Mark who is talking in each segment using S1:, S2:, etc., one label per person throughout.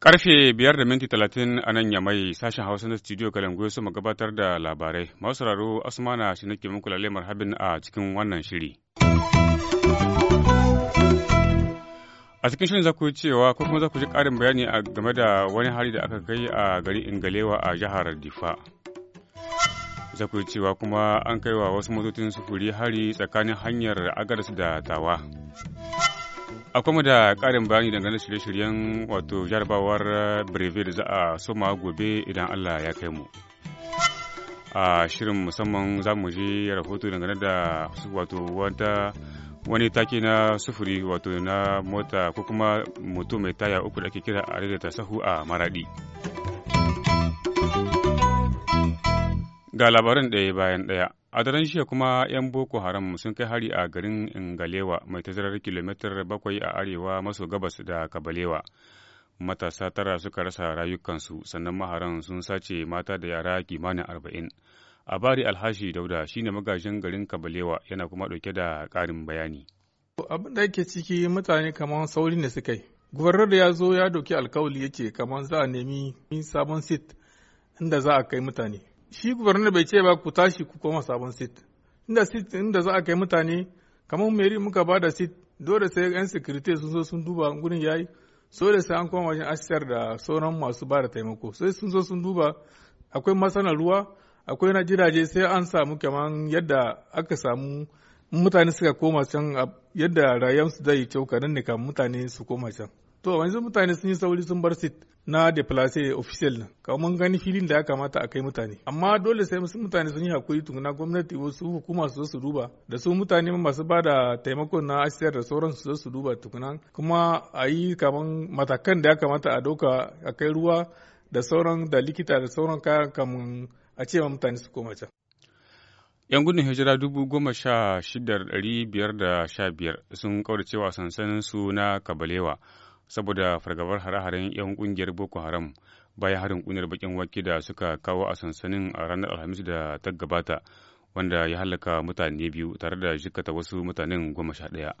S1: Karfe biyar da minti talatin a nan yamai sashen Hausa na studio Kalangu su gabatar da labarai. Masu raro Asmana shi nake muku lalle marhabin a cikin wannan shiri. a cikin shirin za ku yi cewa ko kuma za ku ji ƙarin bayani a game da wani hari da aka kai a garin ingalewa a jihar difa za yi cewa kuma an kai wa wasu motocin sufuri hari tsakanin hanyar agaras da tawa akwai mu da ƙarin bayani dangane da shirye-shiryen wato jarabawar brevet za a soma gobe idan allah ya kai mu a shirin musamman za mu je rahoto dangane da wato wata wani taki na sufuri wato na mota ko kuma mutum mai taya uku da ake kira a da sahu a maradi ga labarin ɗaya bayan ɗaya a daren jiya kuma 'yan boko haram sun kai hari a garin ingalewa mai tazarar kilomitar bakwai a arewa maso gabas da kabalewa matasa tara suka rasa rayukansu sannan maharan sun sace mata da yara kimanin arba'in Abari Alhashi Dauda shine magajin garin Kabalewa yana kuma ɗauke da karin bayani.
S2: Abin da yake ciki mutane kamar sauri ne suka yi. Gwarar da ya zo ya doki alkawali yake kamar za a nemi sabon sit inda za a kai mutane. Shi gwarar bai ce ba ku tashi ku koma sabon sit. Inda sit inda za a kai mutane kamar meri muka ba da sit dole sai yan security sun zo sun duba gurin yi. so da sai an koma wajen asiyar da sauran masu bada taimako sai sun zo sun duba akwai masana ruwa akwai na jiraje sai an samu kaman yadda aka samu mutane suka koma can yadda rayuwarsu zai kyau ka ne kan mutane su koma can to yanzu mutane sun yi sauri sun bar sit na deplace official na kaman gani filin da ya kamata a kai mutane amma dole sai musu mutane sun yi hakuri tukuna gwamnati wasu hukuma su su duba da su mutane masu ba da taimakon na asiyar da sauran su su duba tukuna kuma a yi kamar matakan da ya kamata a dauka a kai ruwa da sauran da likita da sauran kayan kamun a ce mutane su koma can.
S1: 'Yan gudun hijira dubu goma sha shidar ɗari biyar da sha biyar sun kauracewa sansanin su na Kabalewa saboda fargabar hare-haren 'yan kungiyar Boko Haram bayan harin ƙungiyar bakin waki da suka kawo a sansanin a ranar Alhamis da ta gabata wanda ya halaka mutane biyu tare da jikata wasu mutanen goma sha ɗaya.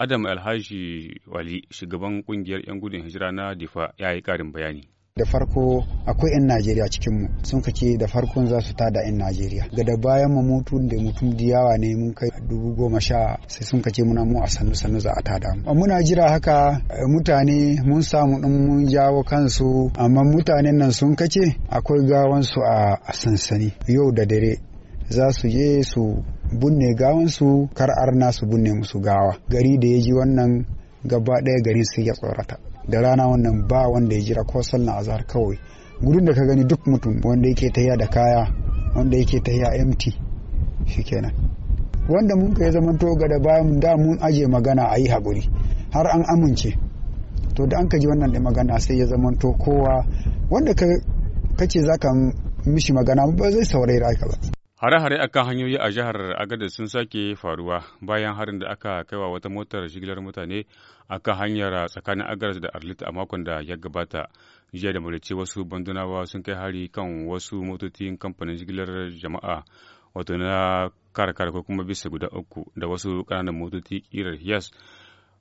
S1: Adam Alhaji Wali, shugaban kungiyar 'yan gudun hijira na Difa, ya yi ƙarin bayani.
S3: da farko akwai 'yan najeriya cikinmu sun kace da farkon za su tada 'yan najeriya ga da bayan mu mutu da mutum diyawa ne mun kai dubu goma sha sai sun kace muna mu a sannu sannu za a tada mu muna jira haka eh, mutane mun samu din mun jawo kansu amma mutanen nan sun kace akwai gawansu a sansani yau da dare za su je su bunne gawansu kar arna su bunne musu gawa gari da ya ji wannan gaba ɗaya garin sai ya tsorata da rana wannan ba wanda ya jira ko sallan azhar kawai gudun da ka gani duk mutum wanda yake tahiya da kaya wanda yake tahiya empty shikenan wanda mun kai zaman to ga da bayan da mun aje magana a yi haƙuri har an amince to da an ka ji wannan da magana sai ya zaman to kowa wanda ka ce za ka mishi magana ba zai saurari ka ba
S1: Hare-hare akan hanyoyi a jihar Agadez sun sake faruwa bayan harin da aka kaiwa wata motar jigilar mutane akan hanyar tsakanin Agadez da Arlit a makon da ya gabata. Jiya da murice wasu bandunawa sun kai hari kan wasu motocin kamfanin shigilar jama'a wato na kare ko kuma bisa guda uku da wasu ƙananan motoci ƙirar Hiyas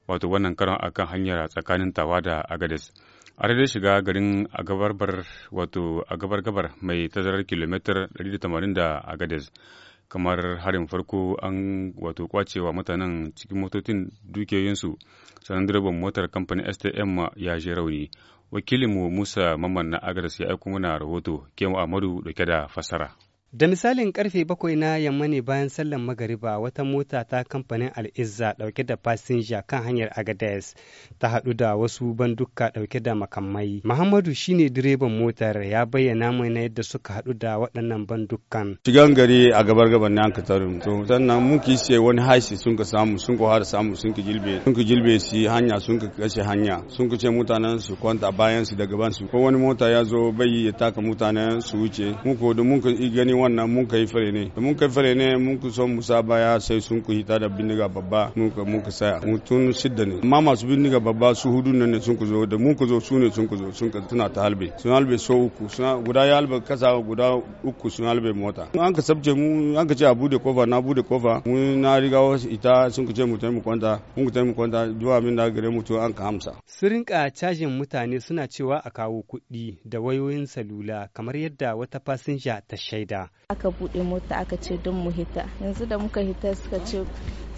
S1: wato wannan karon akan hanyar tsakanin Tawa da Agadez. a da shiga garin agabarbar wato agabar gabar mai tazarar kilomitar 180 da agadez kamar harin farko an wato kwacewa mutanen cikin motocin dukiyoyinsu sanan direban motar kamfanin stm ya je rauni wakilinmu musa mamman na agadez ya aiko mana rahoto kemu amadu dauke da fasara
S4: Da misalin karfe bakwai na yamma ne bayan sallan magariba wata mota ta kamfanin Al'izza dauke da fasinja kan hanyar Agadez ta haɗu da wasu banduka dauke da makamai. Muhammadu shine direban motar ya bayyana mai na yadda suka haɗu da waɗannan bandukan.
S1: Shigan gari a gabar gaban nan ka tarin. To sannan mun ki ce wani haishi sun ka samu sun ka har samu sun ka jilbe sun ka jilbe shi hanya sun ka kashe hanya sun ka ce mutanen su kwanta bayan su da gaban su ko wani mota ya zo bai ya taka mutanen su wuce mun ko da mun ka gani wannan mun kai fare ne mun kai fare ne mun ku son musa baya sai sun ku hita da bindiga babba mun ka mun ka mun mutum shidda ne amma masu bindiga babba su hudu nan ne sun ku zo da mun ku zo su ne sun ku zo sun ka tuna ta halbe sun halbe so uku suna guda ya halbe kasa guda uku sun halbe mota an ka sabce mu an ka ce a bude kofa na bude kofa mun na riga wasu ita sun ku ce mu taimu kwanta mun ku taimu kwanta zuwa min da
S4: gare mu to an ka hamsa su rinka cajin mutane suna cewa a kawo kuɗi da wayoyin salula kamar yadda wata fasinja ta shaida
S5: aka buɗe mota aka ce don mu hita yanzu da muka hita suka ce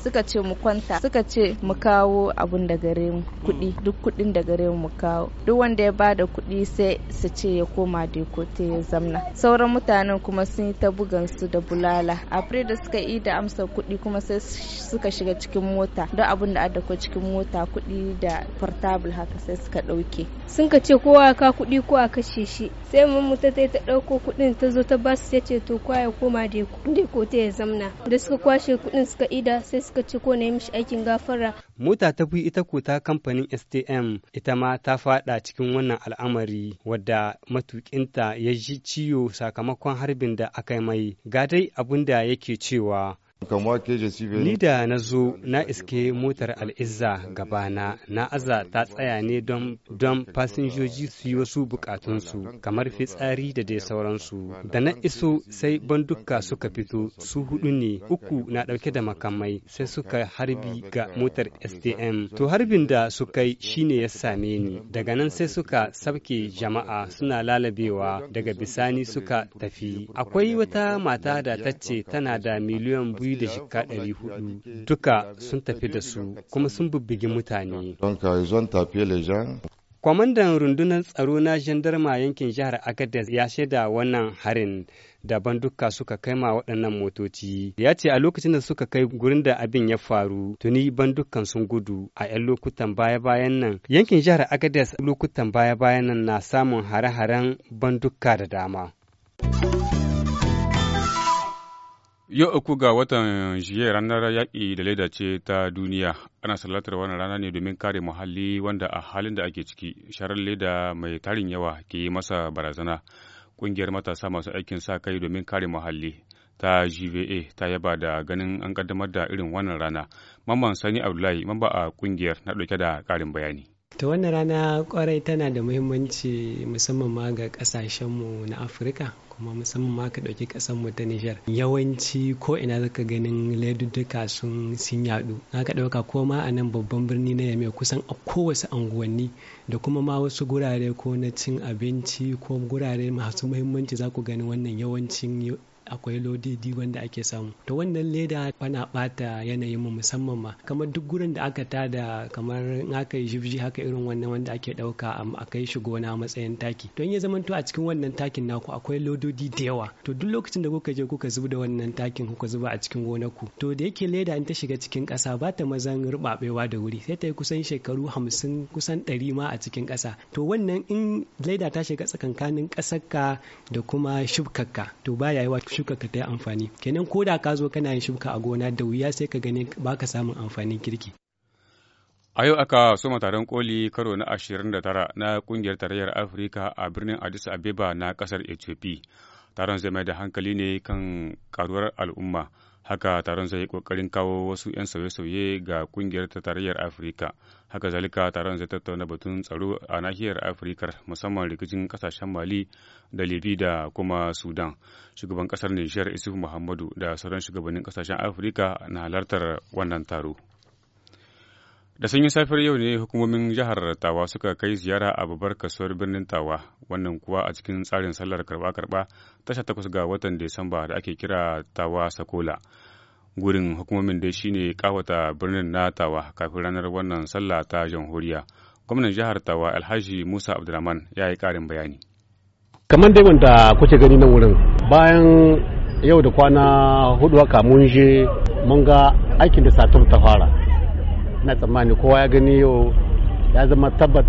S5: suka ce mu kwanta suka ce mu kawo abun da gare mu kuɗi mm. duk kuɗin da gare mu kawo duk wanda ya bada kuɗi sai su ce ya koma da kote ya zamna sauran mutanen kuma sun yi ta bugan su da bulala a da suka yi da amsa kuɗi kuma sai suka shiga cikin mota don abun da adda ko cikin mota kuɗi da portable haka sai suka dauke. sun ka ce kowa ka kuɗi ko a kashe shi sai mun ta ta ɗauko kuɗin ta zo ta basu sai ce to kwaya ya koma kote ya zamna da suka kwashe kuɗin suka ida sai suka ce ko na mishi aikin gafara.
S4: Mota ta fi ita ko kamfanin STM ita ma ta fada cikin wannan al'amari wadda matukinta ya ji ciwo sakamakon harbin da aka yi mai. gadai dai abin da yake cewa Ni da na zo na iske motar al'izza gabana na aza ta tsaya ne don fasinjoji su yi wasu bukatunsu kamar fitsari da dai sauransu. Da na iso sai banduka suka fito su hudu ne uku na ɗauke da makamai sai suka harbi ga motar STM. To harbin da suka yi shine ya same ni. Daga nan sai suka sabke jama'a suna lalabewa daga bisani suka tafi. Akwai wata mata da ta tana da miliyan biyu biyu duka sun tafi da su kuma sun bibbigi mutane. Kwamandan rundunar tsaro na jandarma yankin jihar Agadez ya shaida wannan harin daban duka suka kai ma waɗannan motoci. Ya ce a lokacin da suka kai gurin da abin ya faru tuni ban sun gudu a 'yan lokutan baya-bayan nan. Yankin jihar Agadez lokutan baya-bayan nan na samun hare-haren ban da dama.
S1: Yau uku ga watan jiya ranar yaƙi da leda ce ta duniya. Ana salatar wannan rana ne domin kare muhalli wanda a halin da ake ciki sharar leda mai tarin yawa ke yi masa barazana. Ƙungiyar matasa masu aikin sa kai domin kare muhalli ta GVA ta yaba da ganin an ƙaddamar da irin wannan rana. Mamman Sani Abdullahi mamba a ƙungiyar na ɗauke da ƙarin bayani.
S5: ta wannan rana kwarai tana da muhimmanci musamman ma ga kasashenmu na afirka kuma musamman ma ka ɗauki ƙasarmu ta nijar yawanci ko ina zaka ganin laidudduka sun sun yadu na ka ɗauka ko ma a nan babban birni na yame kusan a kowace anguwanni da kuma ma wasu gurare ko na cin abinci ko gurare masu muhimmanci za ku gani wannan yawancin akwai lodidi wanda ake samu to wannan leda ana bata yanayin mu musamman ma kamar duk gurin da aka tada kamar in aka yi jibji haka irin wannan wanda ake dauka a akai shi gona matsayin taki to in ya to a cikin wannan takin naku akwai lododi da yawa to duk lokacin da kuka je kuka zuba da wannan takin kuka zuba a cikin gonaku to da yake leda in ta shiga cikin kasa ba ta mazan rubabewa da wuri sai ta yi kusan shekaru hamsin kusan ɗari ma a cikin kasa to wannan in leda ta shiga tsakankanin ka da kuma shubkarka to baya yi wa shuka ka ta yi amfani kenan ko da ka zo kana yin shuka a gona da wuya sai ka gani ka samun amfanin kirki
S1: a yau aka soma taron koli karo na 29 na kungiyar tarayyar afirka a birnin addis abeba na kasar ethiopia taron zai mai da hankali ne kan karuwar al'umma haka taron zai yi kokarin kawo wasu 'yan sauye-sauye ga kungiyar ta tarayyar afirka haka zalika taron zai tattauna batun tsaro a nahiyar afirka musamman rikicin kasashen mali da libi da kuma sudan shugaban kasar nijar isuf muhammadu da sauran shugabannin kasashen afirka na halartar wannan taro Da sanyin safiyar yau ne hukumomin jihar Tawa suka kai ziyara a babbar kasuwar birnin Tawa, wannan kuwa a cikin tsarin sallar karba-karba tasha takwas ga watan Disamba da ake kira Tawa Sakola. Gurin hukumomin dai shine kawata birnin na Tawa kafin ranar wannan sallah ta jamhuriya. Gwamnan jihar Tawa Alhaji Musa Abdulrahman ya yi karin bayani.
S6: Kamar dai wanda kuke gani nan wurin bayan yau da kwana hudu haka mun je mun ga aikin da satum ta fara na tsammani kowa ya gani yau ya zama tabbat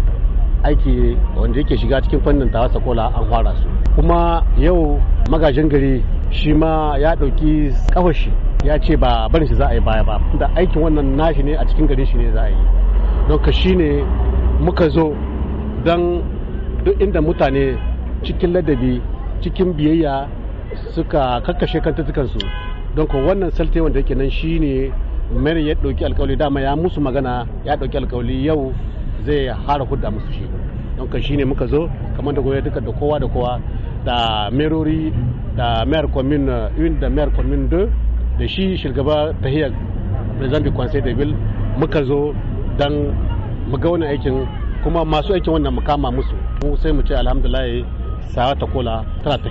S6: aiki wanda yake shiga cikin fannin tawa sakola an fara su kuma yau magajin gari shi ma ya ɗauki kawashi ya ce ba barin shi za a yi baya ba da aikin wannan nashi ne a cikin gari shi ne za a yi don ka shi ne muka zo don duk inda mutane cikin ladabi cikin biyayya suka kakkashe kantutukansu don ko wannan salte wanda yake nan shi ne mary ya ɗauki alkawali dama ya musu magana ya ɗauki alkawali yau zai hara hudda musu shi don ka ne muka zo kamar da goyi duka da kowa da kowa da merori da mayor commune un uh, da mayor commune 2 da shi shirgaba ta hiyar du conseil de ville muka zo don muga wani aikin kuma masu aikin wannan mukama musu sai mu ce alhamdulillah sawa ta kola tana ta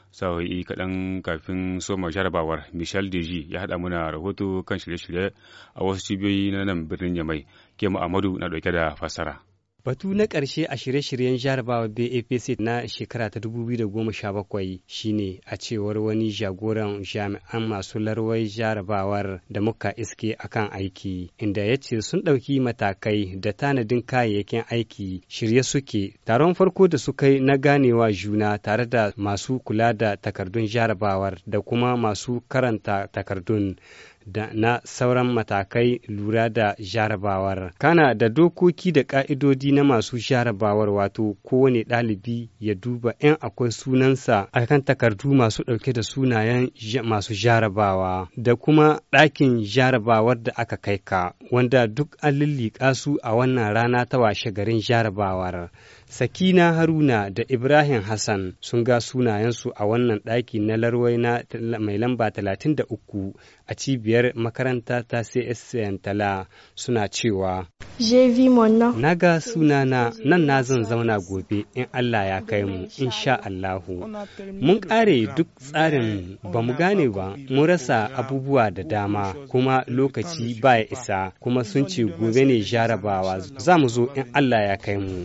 S1: sa'o'i kaɗan kafin soma jarabawar michel deji ya haɗa muna rahoto kan shirye-shirye a wasu cibiyoyi na nan birnin yamai ke amadu na ɗauke da fassara.
S4: Batu na ƙarshe a shirye-shiryen jarabawa BAPC na shekara ta 2017 shine a cewar wani jagoran jami'an masu larwai jarabawar da muka iske akan aiki, inda ya ce sun ɗauki matakai da tanadin kayayyakin aiki shirye suke taron farko da suka yi na ganewa juna tare da masu kula da takardun jarabawar da kuma masu karanta takardun da na sauran matakai lura da jarabawar. Kana da dokoki da ƙa'idodi na masu jarabawar wato kowane ɗalibi ya duba 'yan akwai sunansa a kan takardu masu ɗauke da sunayen masu jarabawa da kuma ɗakin jarabawar da aka kai ka wanda duk an lulliƙa su a wannan rana ta washe garin jarabawar. Sakina Haruna da Ibrahim Hassan sun ga sunayensu a wannan ɗaki na larwai na mai lamba 33 a cibiyar makaranta ta CSN Tala suna cewa Na ga sunana nan na zan zauna gobe in Allah ya kai mu in sha Allahu. Mun ƙare duk tsarin ba mu gane ba mun rasa abubuwa da dama kuma lokaci ba ya isa kuma sun ce gobe ne jarabawa za mu zo in Allah ya kai mu.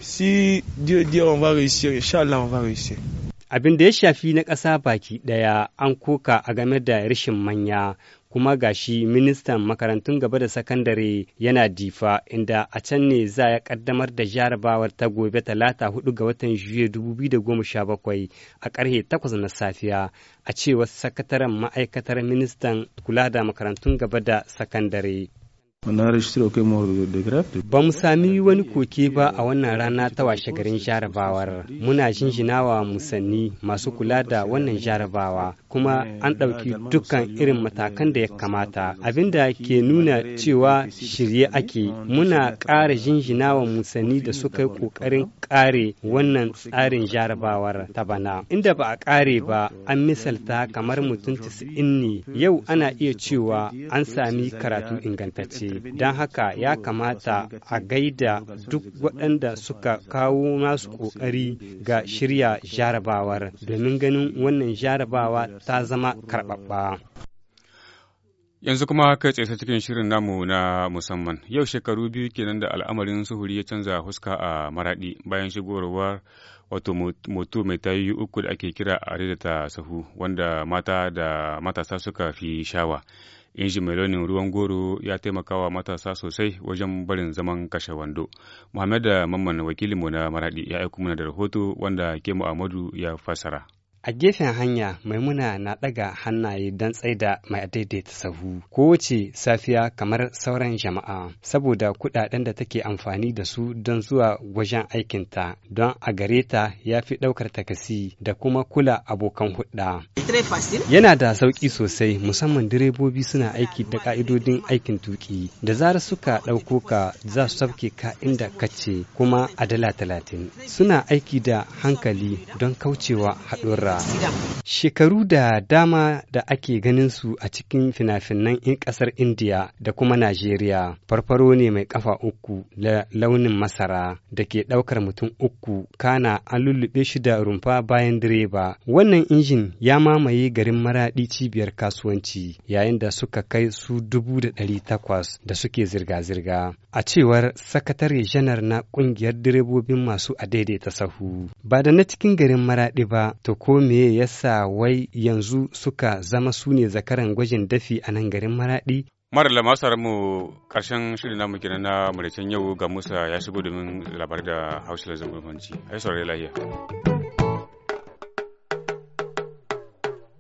S2: Dieu, Dieu, on va réussir. inshallah on va réussir.
S4: Abin da ya shafi na ƙasa baki ɗaya an koka a game da rashin manya kuma gashi ministan makarantun gaba da sakandare yana difa inda a can ne za ya kaddamar da jarabawar ta gobe talata hudu ga watan juye 2017 a karhe 8 na safiya a cewar sakataren ma'aikatar ministan kula da makarantun gaba da sakandare
S2: Ba
S4: mu sami wani koke ba a wannan rana ta washe garin jarabawar. Muna wa musanni masu kula da wannan jarabawa kuma an ɗauki dukkan irin matakan da ya kamata. Abinda ke nuna cewa shirye ake muna ƙara wa musanni da suka yi ƙoƙarin ƙare wannan tsarin jarabawar ta bana. Inda ba a ƙare ba an misalta kamar mutum 90 ne yau ana iya cewa an sami karatu ingantacce. don haka ya kamata a gaida duk waɗanda suka kawo masu ƙoƙari ga shirya jarabawar domin ganin wannan jarabawa ta zama karɓaɓɓa.
S1: Yanzu kuma kai tsaye cikin shirin namu na musamman. Yau shekaru biyu kenan da al'amarin suhuri ya canza huska a maraɗi bayan shigowar wato moto mai tayoyi uku da ake kira a ta sahu wanda mata da matasa suka fi shawa. inji mai launin ruwan goro ya taimakawa matasa sosai wajen barin zaman kashe wando muhammad da mamman wakilinmu na maradi ya aiko mana da rahoto wanda ke mu'amadu ya fassara
S4: A gefen hanya maimuna na ɗaga hannaye don tsaida mai daidaita sahu kowace safiya kamar sauran jama'a saboda kuɗaɗen da take amfani da su don zuwa wajen aikinta don a gare ta ya fi ɗaukar takasi da kuma kula abokan hudda. Yana da sauƙi sosai musamman direbobi suna aiki da ƙa'idodin aikin tuƙi da zarar suka ɗauko ka za su sauke ka inda kace kuma a dala talatin. Suna aiki da hankali don kaucewa haɗurra. shekaru da dama da ake ganin su a cikin fina-finan in kasar Indiya da kuma Najeriya. Farfaro ne mai kafa uku da launin masara da ke ɗaukar mutum uku kana an lullube shi da rumfa bayan direba. Wannan injin ya mamaye garin maraɗi cibiyar kasuwanci yayin da suka kai su dubu da ɗari takwas da suke zirga-zirga. A cewar sakatare janar na kungiyar direbobin masu a daidaita sahu, ba da na cikin garin maraɗi ba, to ko meye yasa wai yanzu suka zama su ne zakaran gwajin dafi a nan garin maraɗi
S1: mara da mu karshen shirin namu kenan na maraicen yau ga musa ya shigo domin labar da hausa da zamanci ai saurari lahiya